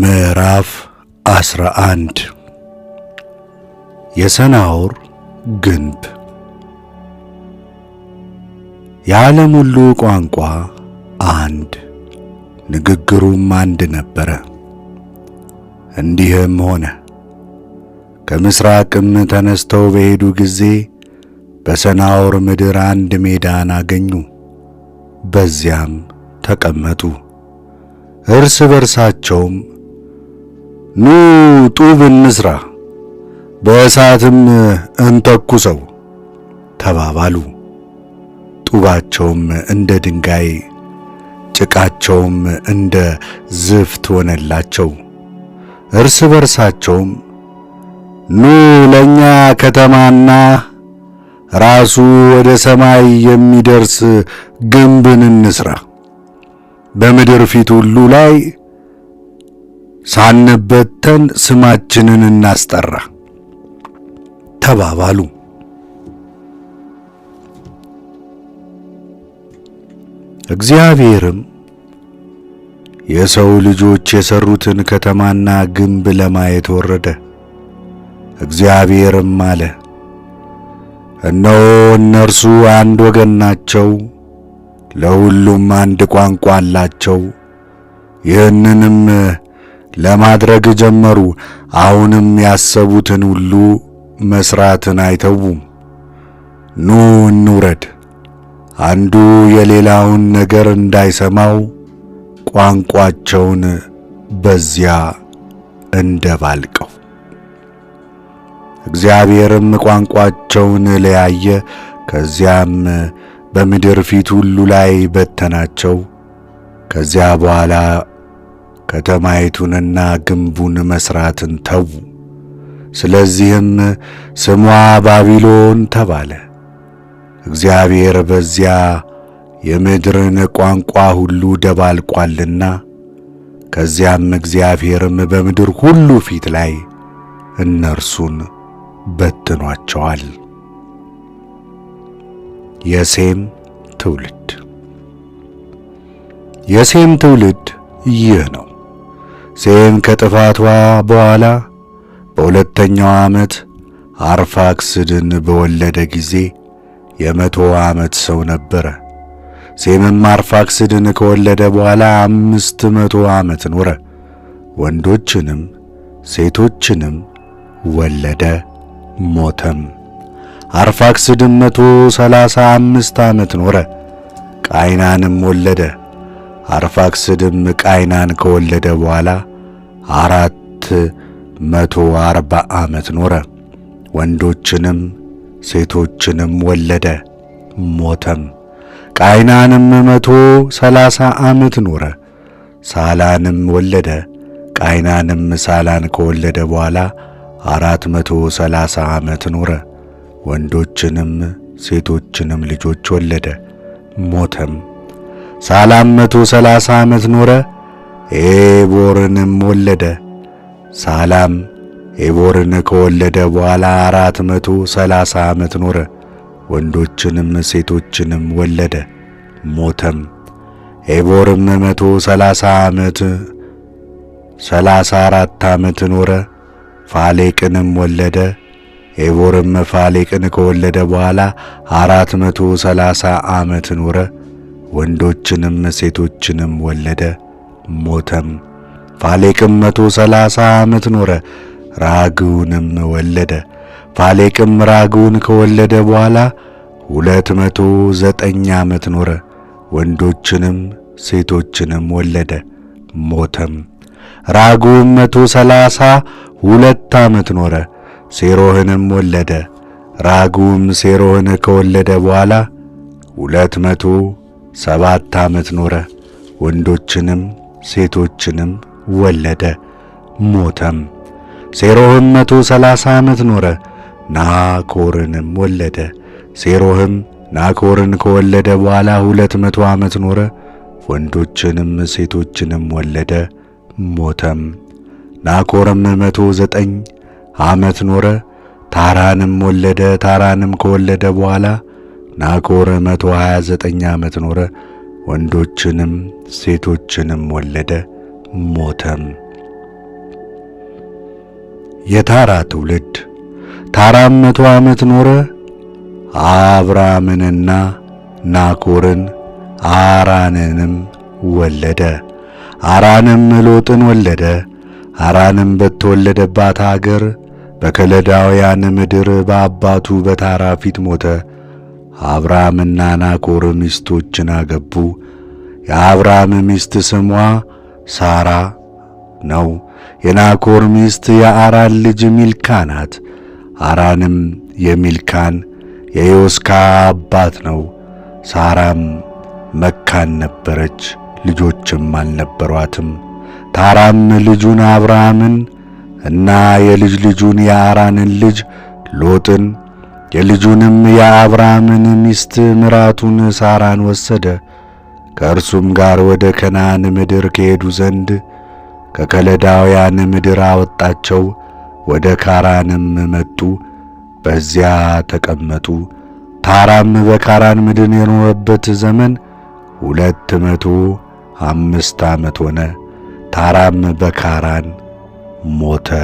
ምዕራፍ 11 የሰናዖር ግንብ የዓለም ሁሉ ቋንቋ አንድ፣ ንግግሩም አንድ ነበረ። እንዲህም ሆነ ከምሥራቅም ተነስተው በሄዱ ጊዜ በሰናዖር ምድር አንድ ሜዳን አገኙ፣ በዚያም ተቀመጡ። እርስ በርሳቸውም ኑ ጡብ እንስራ፣ በእሳትም እንተኩሰው ተባባሉ። ጡባቸውም እንደ ድንጋይ ጭቃቸውም እንደ ዝፍት ሆነላቸው። እርስ በርሳቸውም ኑ ለእኛ ከተማና ራሱ ወደ ሰማይ የሚደርስ ግንብን እንስራ በምድር ፊት ሁሉ ላይ ሳንበተን ስማችንን እናስጠራ ተባባሉ። እግዚአብሔርም የሰው ልጆች የሰሩትን ከተማና ግንብ ለማየት ወረደ። እግዚአብሔርም አለ፣ እነሆ እነርሱ አንድ ወገን ናቸው፣ ለሁሉም አንድ ቋንቋ አላቸው። ይህንንም ለማድረግ ጀመሩ። አሁንም ያሰቡትን ሁሉ መስራትን አይተዉም። ኑ እንውረድ፣ አንዱ የሌላውን ነገር እንዳይሰማው ቋንቋቸውን በዚያ እንደባልቀው። እግዚአብሔርም ቋንቋቸውን ለያየ፣ ከዚያም በምድር ፊት ሁሉ ላይ በተናቸው። ከዚያ በኋላ ከተማይቱንና ግንቡን መሥራትን ተዉ። ስለዚህም ስሟ ባቢሎን ተባለ። እግዚአብሔር በዚያ የምድርን ቋንቋ ሁሉ ደባልቋልና ከዚያም እግዚአብሔርም በምድር ሁሉ ፊት ላይ እነርሱን በትኗቸዋል። የሴም ትውልድ የሴም ትውልድ ይህ ነው። ሴም ከጥፋቷ በኋላ በሁለተኛው ዓመት አርፋክስድን በወለደ ጊዜ የመቶ ዓመት ሰው ነበረ። ሴምም አርፋክስድን ከወለደ በኋላ አምስት መቶ ዓመት ኖረ። ወንዶችንም ሴቶችንም ወለደ፣ ሞተም። አርፋክስድም መቶ ሰላሳ አምስት ዓመት ኖረ፣ ቃይናንም ወለደ። አርፋክስድም ቃይናን ከወለደ በኋላ አራት መቶ አርባ ዓመት ኖረ። ወንዶችንም ሴቶችንም ወለደ፣ ሞተም። ቃይናንም መቶ ሰላሳ ዓመት ኖረ፣ ሳላንም ወለደ። ቃይናንም ሳላን ከወለደ በኋላ አራት መቶ ሰላሳ ዓመት ኖረ። ወንዶችንም ሴቶችንም ልጆች ወለደ፣ ሞተም። ሳላም መቶ ሰላሳ ዓመት ኖረ። ኤቦርንም ወለደ። ሳላም ኤቦርን ከወለደ በኋላ አራት መቶ ሰላሳ ዓመት ኖረ። ወንዶችንም ሴቶችንም ወለደ፣ ሞተም። ኤቦርም መቶ ሰላሳ ዓመት ሰላሳ አራት ዓመት ኖረ፣ ፋሌቅንም ወለደ። ኤቦርም ፋሌቅን ከወለደ በኋላ አራት መቶ ሰላሳ ዓመት ኖረ፣ ወንዶችንም ሴቶችንም ወለደ። ሞተም። ፋሌቅም መቶ ሰላሳ ዓመት ኖረ፣ ራግውንም ወለደ። ፋሌቅም ራግውን ከወለደ በኋላ ሁለት መቶ ዘጠኝ ዓመት ኖረ፣ ወንዶችንም ሴቶችንም ወለደ፣ ሞተም። ራጉም መቶ ሰላሳ ሁለት ዓመት ኖረ፣ ሴሮህንም ወለደ። ራጉም ሴሮህን ከወለደ በኋላ ሁለት መቶ ሰባት ዓመት ኖረ፣ ወንዶችንም ሴቶችንም ወለደ፣ ሞተም። ሴሮህም መቶ ሰላሳ ዓመት ኖረ፣ ናኮርንም ወለደ። ሴሮህም ናኮርን ከወለደ በኋላ ሁለት መቶ ዓመት ኖረ፣ ወንዶችንም ሴቶችንም ወለደ፣ ሞተም። ናኮርም መቶ ዘጠኝ ዓመት ኖረ፣ ታራንም ወለደ። ታራንም ከወለደ በኋላ ናኮር መቶ ሀያ ዘጠኝ ዓመት ኖረ ወንዶችንም ሴቶችንም ወለደ፣ ሞተም። የታራ ትውልድ ታራም መቶ ዓመት ኖረ፣ አብራምንና ናኮርን አራንንም ወለደ። አራንም ሎጥን ወለደ። አራንም በተወለደባት አገር በከለዳውያን ምድር በአባቱ በታራ ፊት ሞተ። አብርሃምና ናኮር ሚስቶችን አገቡ። የአብርሃም ሚስት ስሟ ሳራ ነው። የናኮር ሚስት የአራን ልጅ ሚልካ ናት። አራንም የሚልካን የዮስካ አባት ነው። ሳራም መካን ነበረች፣ ልጆችም አልነበሯትም። ታራም ልጁን አብርሃምን እና የልጅ ልጁን የአራንን ልጅ ሎጥን የልጁንም የአብርሃምን ሚስት ምራቱን ሳራን ወሰደ። ከእርሱም ጋር ወደ ከነዓን ምድር ከሄዱ ዘንድ ከከለዳውያን ምድር አወጣቸው። ወደ ካራንም መጡ፣ በዚያ ተቀመጡ። ታራም በካራን ምድር የኖረበት ዘመን ሁለት መቶ አምስት ዓመት ሆነ። ታራም በካራን ሞተ።